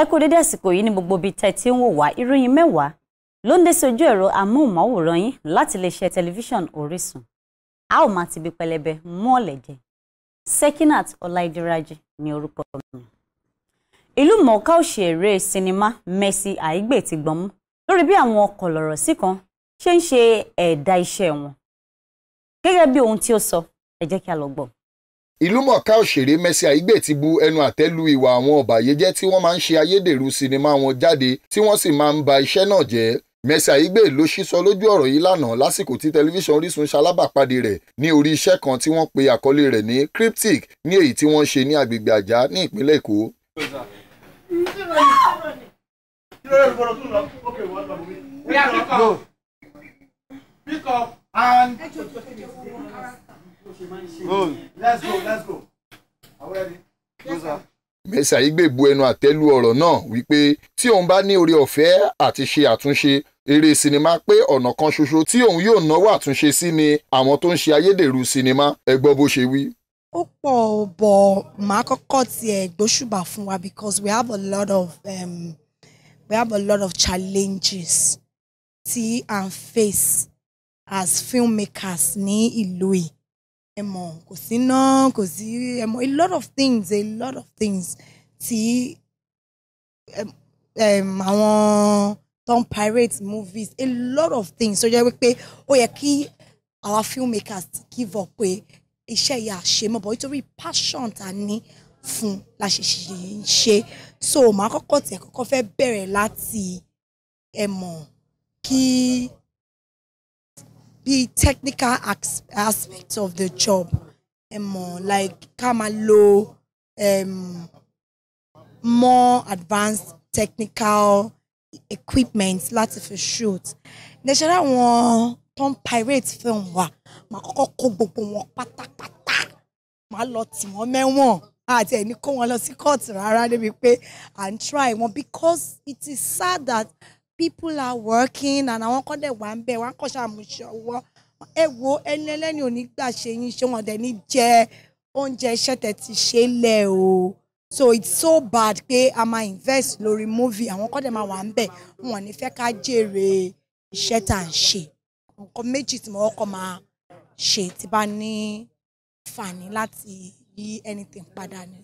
ẹ kú dédé àsìkò yìí ní gbogbo ibi tẹ́ ti ń wò wá ìròyìn mẹ́wàá ló ń dé sí ojú ẹ̀rọ amóhùnmáwòrán yín láti iléeṣẹ́ tẹlifíṣàn Orísun a ó máa ti bi pẹlẹbẹ mú ọ̀lẹ̀ jẹ Sekinat Ọláìdíraji ní orúkọ mi. ìlú mọ̀ọ́ká òṣèré sinimá Mercy Aigbe ti gbọ̀nmú lórí bí àwọn kọ̀lọ̀rọ̀ sí kan ṣe ń ṣe ẹ̀dá iṣẹ́ wọn gẹ́gẹ́ bí ohun tí ó sọ ẹ jẹ́ kí a lọ gbọ́ ìlúmọ̀ọ́ká òṣèré Mercy Aigbe ti bu ẹnu àtẹ́ lu ìwà àwọn ọ̀bàyéjẹ́ tí wọ́n máa ń ṣe ayédèrú sinimá wọn jáde tí wọ́n sì máa ń ba iṣẹ́ náà jẹ́ Mercy Aigbe ló sísọ lójú ọ̀rọ̀ yìí lánàá lásìkò tí tẹlifíṣàn Orísun ṣalábàpàdé rẹ̀ ní orí iṣẹ́ kan tí wọ́n pe àkọlé rẹ̀ ní Cryptic ní èyí tí wọ́n ṣe ní agbègbè Àjà ní ìpínlẹ̀ Èkó. Pick up and goal. let's go let's go. are we ready. gbègbó ẹnu àtẹ́lù ọ̀rọ̀ náà wípé tí òun bá ní oore ọ̀fẹ́ àti ṣe àtúnṣe eré sinimá pé ọ̀nà kan ṣoṣo tí òun yóò náwó àtúnṣe sí ni àwọn tó ń ṣe ayédèrú sinimá ẹ bó ṣe wí. ó pọ̀ bọ̀ màá kọ́kọ́ tiẹ̀ gbóṣùbà fún wa because we have a lot of um, we have a lot of challenges tí à ń face as filmmakers ní ìlú yìí ẹ mọ̀ kò sí náà kò sí ẹ a lot of things a lot of things tí àwọn tó ń pirate movies a lot of things So jẹ́ wípé ó yẹ kí our filmmakers give up pé iṣẹ́ yìí àṣemọ́bọ̀ nítorí passion ta ní fún la ṣe ṣe ń ṣe so màá kọ́kọ́ tẹ̀ kọ́kọ́ fẹ́ bẹ̀rẹ̀ láti ẹ kí bíi technical as aspect of the job ẹ um, mọ̀ like come a low, um, more advanced technical equipment láti fi shoot níṣẹ́ àwọn tó ń pirate film wa màá kọ́kọ́ kó gbogbo wọn pátápátá màá lọ tì wọ́n mẹ́wọ̀n àti ẹni kó wọn lọ sí kóòtù rárá débi pé à try wọn because it is sad that people are working and àwọn kan dẹ̀ wà ń bẹ̀ wọ́n á kàn ṣàmùṣọ wọ́ ẹ wo ẹni ẹlẹ́ni ò ní gbà ṣe yín ṣé wọn dẹ̀ ní jẹ oúnjẹ iṣẹ́ tẹ̀ ti ṣe lẹ̀ o so it's so bad pé a máa invest lórí movie àwọn kan dẹ̀ máa wà ń bẹ̀ wọn ní fẹ́ ká jèrè iṣẹ́ tà ń ṣe nǹkan méjì tí mo kọ́ máa ṣe tí bá ní fàní láti yí anything padà ni.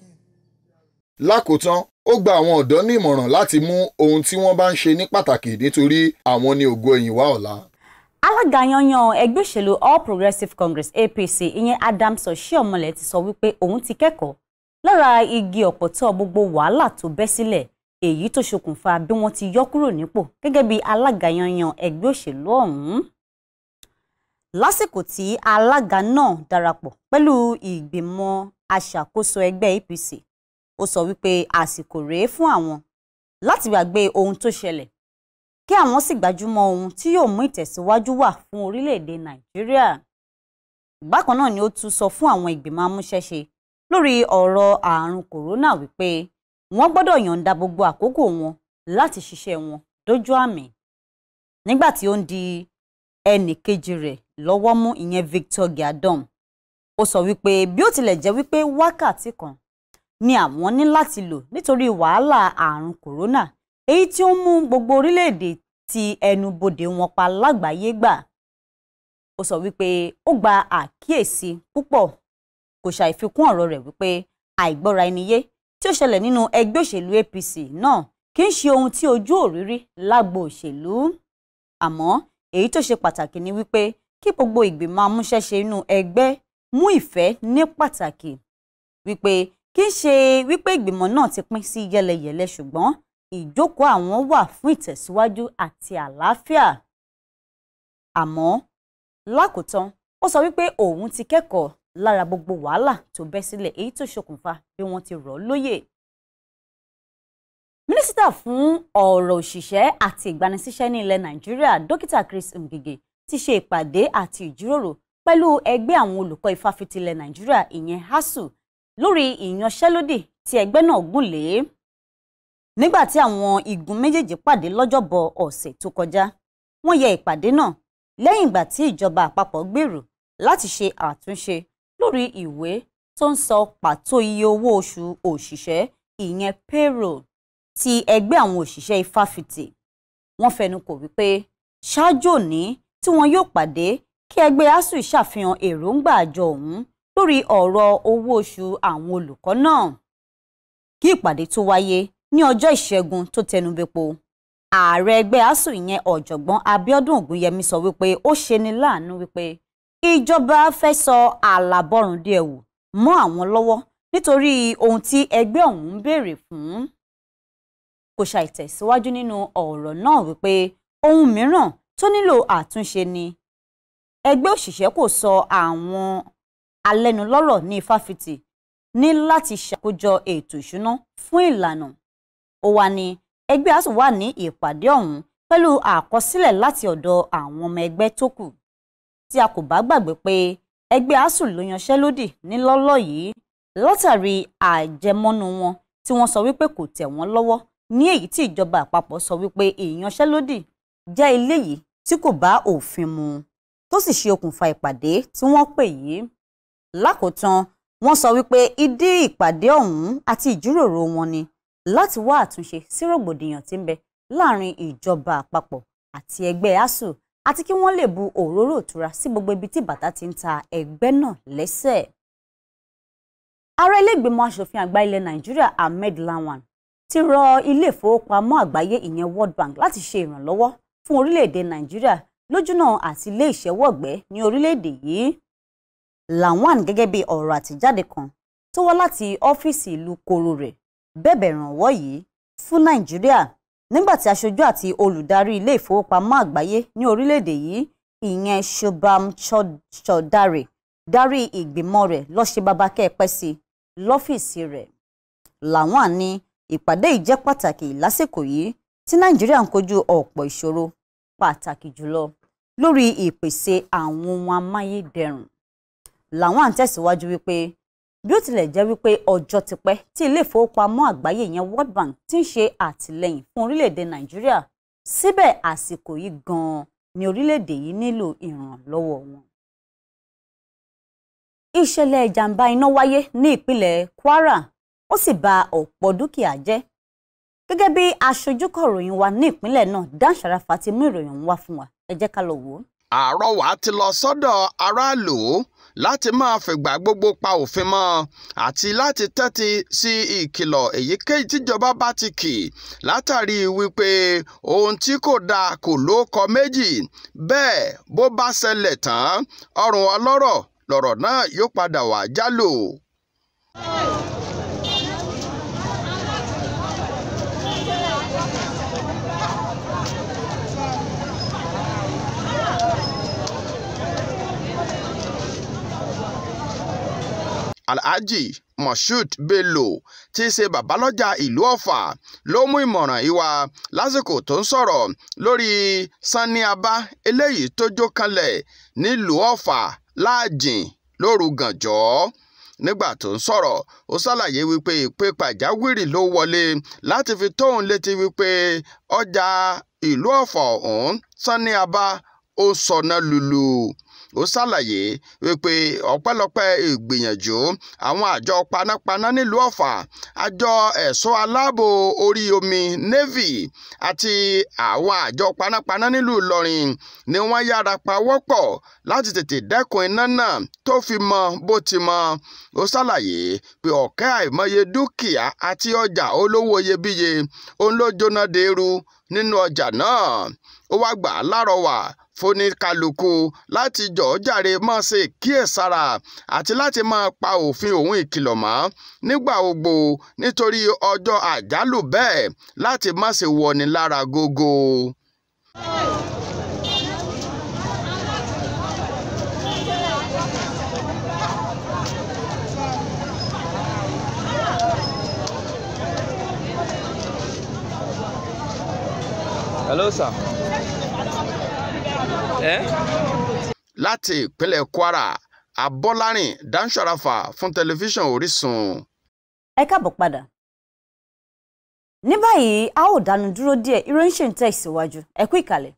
lákòótán ó gba àwọn ọ̀dọ́ ní ìmọ̀ràn láti mú ohun tí wọ́n bá ń ṣe ní pàtàkì nítorí àwọn ni ògo ẹ̀yìnwá ọ̀la. alága yanyan ẹgbẹ́ òṣèlú all progressives congress apc ìyẹn adams oshiomhole ti sọ wípé òun ti kẹ́kọ̀ọ́ lára igi ọ̀pọ̀tọ́ gbogbo wàhálà tó bẹ́ sílẹ̀ èyí tó ṣokùnfà bí wọ́n ti yọ kúrò nípò gẹ́gẹ́ bí alága yanyan ẹgbẹ́ òṣèlú ọ̀hún lásìkò tí alága náà darapọ̀ pẹ̀lú ìgbìmọ̀ aṣàkóso ẹgbẹ́ apc ó sọ wípé àsìkò rèé fún àwọn láti gbàgbé ohun tó ṣẹlẹ̀ kí àwọn sì gbájúmọ́ ohun tí yóò mú ìtẹ̀síwájú wà fún orílẹ̀-èdè nàìjíríà bákan náà ni ó tún sọ fún àwọn ìgbìmọ̀ amúṣẹ́ṣe lórí ọ̀rọ̀ àrùn kòrónà wípé wọ́n gbọ́dọ̀ yọ̀ǹda gbogbo àkókò wọn láti ṣiṣẹ́ wọn dójú àmì nígbà tí ó ń di ẹnì kejì rẹ̀ lọ́wọ́ mú ìyẹn Victor Gyadom ó sọ wípé bí ó tilẹ̀ jẹ́ wípé wákàtí kan ni àwọn ní láti lò nítorí wàhálà àrùn kòrónà èyí tí ó ń mú gbogbo orílẹ̀-èdè ti ẹnu bodè wọn pa lágbàáyé gbà ó sọ wípé ó gba àkíyèsí púpọ̀ kò ṣàìfikún ọ̀rọ̀ rẹ̀ wípé àìgbọ́ra ẹni yé tí ó ṣẹlẹ̀ nínú ẹgbẹ́ òṣèlú APC náà kì í ṣe ohun tí ojú òrírí lágbo òṣèlú àmọ́ èyí tó ṣe pàtàkì ni wípé kí gbogbo ìgbìmọ̀ amúṣẹ́ṣe inú ẹgbẹ́ mú ìfẹ́ ní pàtàkì wípé kì í ṣe wípé ìgbìmọ̀ náà ti pín sí yẹlẹyẹlẹ ṣùgbọ́n ìjókòó àwọn wà fún ìtẹ̀síwájú àti àlàáfíà àmọ́ lákòótán ó sọ wípé òun ti kẹ́kọ̀ọ́ lára gbogbo wàhálà tó bẹ́ sílẹ̀ èyí tó ṣokùnfà bí wọ́n ti rọ̀ ọ́ lóyè. mínísítà fún ọ̀rọ̀ òṣìṣẹ́ àti ìgbanisíṣẹ́ ní ilẹ̀ nàìjíríà dókítà Chris Ngige ti ṣe ìpàdé àti ìjíròrò pẹ̀lú ẹgbẹ́ àwọn olùkọ́ ìfáfitì ilẹ̀ nàìjíríà ìyẹn ASUU lórí ìyanṣẹ́lódì tí ẹgbẹ́ náà gùn lé nígbà tí àwọn igun méjèèjì pàdé lọ́jọ́bọ̀ ọ̀sẹ̀ tó kọjá wọ́n yẹ ìpàdé náà lẹ́yìn ìgbà tí ìjọba àpapọ̀ gbèrò láti ṣe àtúnṣe lórí ìwé tó ń sọ pàtó iye owó oṣù òṣìṣẹ́ ìyẹn payroll ti ẹgbẹ́ àwọn òṣìṣẹ́ ifáfitì wọ́n fẹnu kò wípé ṣáájú òní tí wọn yóò pàdé kí ẹgbẹ́ asuu ṣàfihàn èròǹgbà àjọ ọ̀hún lórí ọ̀rọ̀ owó oṣù àwọn olùkọ́ náà kí ìpàdé tó wáyé ní ọjọ́ ìṣẹ́gun tó tẹnubẹ́po ààrẹ ẹgbẹ́ asuu ìyẹn ọ̀jọ̀gbọ́n Abíọ́dún Ògúnyẹmí sọ wípé ó ṣeni láàánú wípé ìjọba fẹ́ sọ àlàbọ̀rùn di ẹ̀wù mọ́ àwọn lọ́wọ́ nítorí ohun tí ẹgbẹ́ ọ̀hún ń béèrè fún kò ṣàì tẹ̀síwájú nínú ọ̀rọ̀ náà wípé ohun mìíràn tó nílò àtúnṣe ni ẹgbẹ́ òṣìṣẹ́ kò sọ àwọn alẹ́nulọ́rọ̀ ní ifáfitì ní láti ṣàkójọ ètò ìṣúná fún ìlànà ó wà ní ẹgbẹ́ asùn wà ní ìpàdé ọ̀hún pẹ̀lú àkọsílẹ̀ láti ọ̀dọ̀ àwọn ọmọ ẹgbẹ́ tó kù tí a kò bá gbàgbé pé ẹgbẹ́ asùn ló yanṣẹ́lódì nílọ́lọ́ yìí látàrí àjẹmọ́nú wọn tí wọ́n sọ wípé kò tẹ̀ wọ́n lọ́wọ́ ní èyí tí ìjọba àpapọ̀ sọ wípé ìyanṣẹ́lódì jẹ́ eléyìí tí kò bá òfin mu tó sì ṣe okùnfà ìpàdé tí wọ́n pè yìí lákòótán wọ́n sọ wípé ìdí ìpàdé ọ̀hún àti ìjíròrò wọn ni láti wá àtúnṣe sí rògbòdìyàn tí ń bẹ láàrin ìjọba àpapọ̀ àti ẹgbẹ́ asuu àti kí wọ́n lè bu òróró ìtura sí gbogbo ibi tí bàtà ti ń ta ẹgbẹ́ náà lẹ́sẹ̀. ààrẹ iléègbìmọ̀ asòfin àgbà ilẹ̀ nàìjíríà ahmed lawan ti rọ ilé ìfowópamọ́ àgbáyé ìyẹn world bank láti ṣe ìrànlọ́wọ́ fún orílẹ̀-èdè nàìjíríà lójúnà àti ilé ìṣẹ́wọ́gbẹ́ ní orílẹ̀-èdè yìí Lawan gẹ́gẹ́ bí ọ̀rọ̀ àtẹ̀jáde kan tó wá láti ọ́fíìsì ìlú koro rẹ̀ bẹ̀bẹ̀ ìrànwọ́ yìí fún Nàìjíríà nígbà tí aṣojú àti olùdarí ilé ìfowópamọ́ àgbáyé ní orílẹ̀-èdè yìí ìyẹn Shobham Choudhary darí ìgbìmọ̀ rẹ̀ lọ ṣe baba kẹ́ẹ̀pẹ́ sí lọ́fíìsì rẹ̀ Lawan ní ìpàdé yìí jẹ́ pàtàkì lásìkò yìí tí Nàìjíríà ń kojú ọ̀pọ̀ ìṣòro pàtàkì jùlọ lórí ìpèsè àwọn ohun amáyédẹrùn Lawan tẹ̀síwájú wípé bí ó tilẹ̀ jẹ́ wípé ọjọ́ ti pẹ́ tí ilé ìfowópamọ́ àgbáyé yẹn World Bank ti ń ṣe àtìlẹ́yìn fún orílẹ̀-èdè Nàìjíríà síbẹ̀ àsìkò yìí gan-an ni orílẹ̀-èdè yìí nílò ìrànlọ́wọ́ wọn. Ìṣẹ̀lẹ̀ ìjàmbá iná wáyé ní ìpínlẹ̀ Kwara ó sì bà ọ̀pọ̀ dúkìá jẹ́ gẹ́gẹ́ bí aṣojúkọ̀ ìròyìn wa ní ìpínlẹ̀ náà Dan Sharafa ti mú ìròyìn wá fún wa ẹ jẹ́ ká lọ wò ó. àrọwà ti lọ sọ́dọ̀ aráàlú láti máa fìgbà gbogbo pa òfin mọ́ àti láti tẹ́tí sí ìkìlọ̀ èyíkéyìí tíjọba bá ti kì látàrí wípé ohun tí kò dáa kò lóko méjì bẹ́ẹ̀ bó bá ṣẹlẹ̀ tán ọrùn ọlọ́rọ̀ lọ̀rọ̀ náà yóò padà wá jálò. alhaji moshood bello tí í ṣe babalọ́jà ìlú ọ̀fà ló mú ìmọ̀ràn ìwà lásìkò tó ń sọ̀rọ̀ lórí sanni aba eléyìí tó jó kanlẹ̀ nílùú ọ̀fà láàjìn lóru gànjọ́ nígbà tó ń sọ̀rọ̀ ó ṣàlàyé wípé ìpè pàjáwìrì ló wọlé láti fi tóun létí wípé ọjà ìlú ọ̀fà ọ̀hún sanni ó sọnà lulù ó ṣàlàyé wípé ọpẹ́lọpẹ́ ìgbìyànjú àwọn àjọ panápaná nílùú ọ̀fà àjọ ẹ̀ṣọ́ aláàbò orí omi navy àti àwọn àjọ panápaná nílùú ìlọrin ni wọ́n yára pawọ́pọ̀ láti tètè dẹ́kun iná náà tó fi mọ bó ti mọ ó ṣàlàyé pé ọ̀kẹ́ àìmọye dúkìá àti ọjà olówó iyebíye òun ló jóná deeru nínú ọjà náà ó wá gbà á lárọ̀wà foníkálukú láti jọ̀ọ́ jàre máa ṣe kíyèsára àti láti máa pa òfin òun ìkìlọ̀ mọ́ nígbà gbogbo nítorí ọjọ́ àjálù bẹ́ẹ̀ láti má ṣe wọni lára gógó. Hello, sir láti ìpínlẹ̀ Kwara Abọ́lárìn Dáńsọ́ráfà fún tẹlifíṣàn Orísun. ẹ káàbọ̀ padà ní báyìí a ó dánu dúró díẹ̀ ìròyìn ṣì ń tẹ̀síwájú ẹ kú ìkàlẹ̀.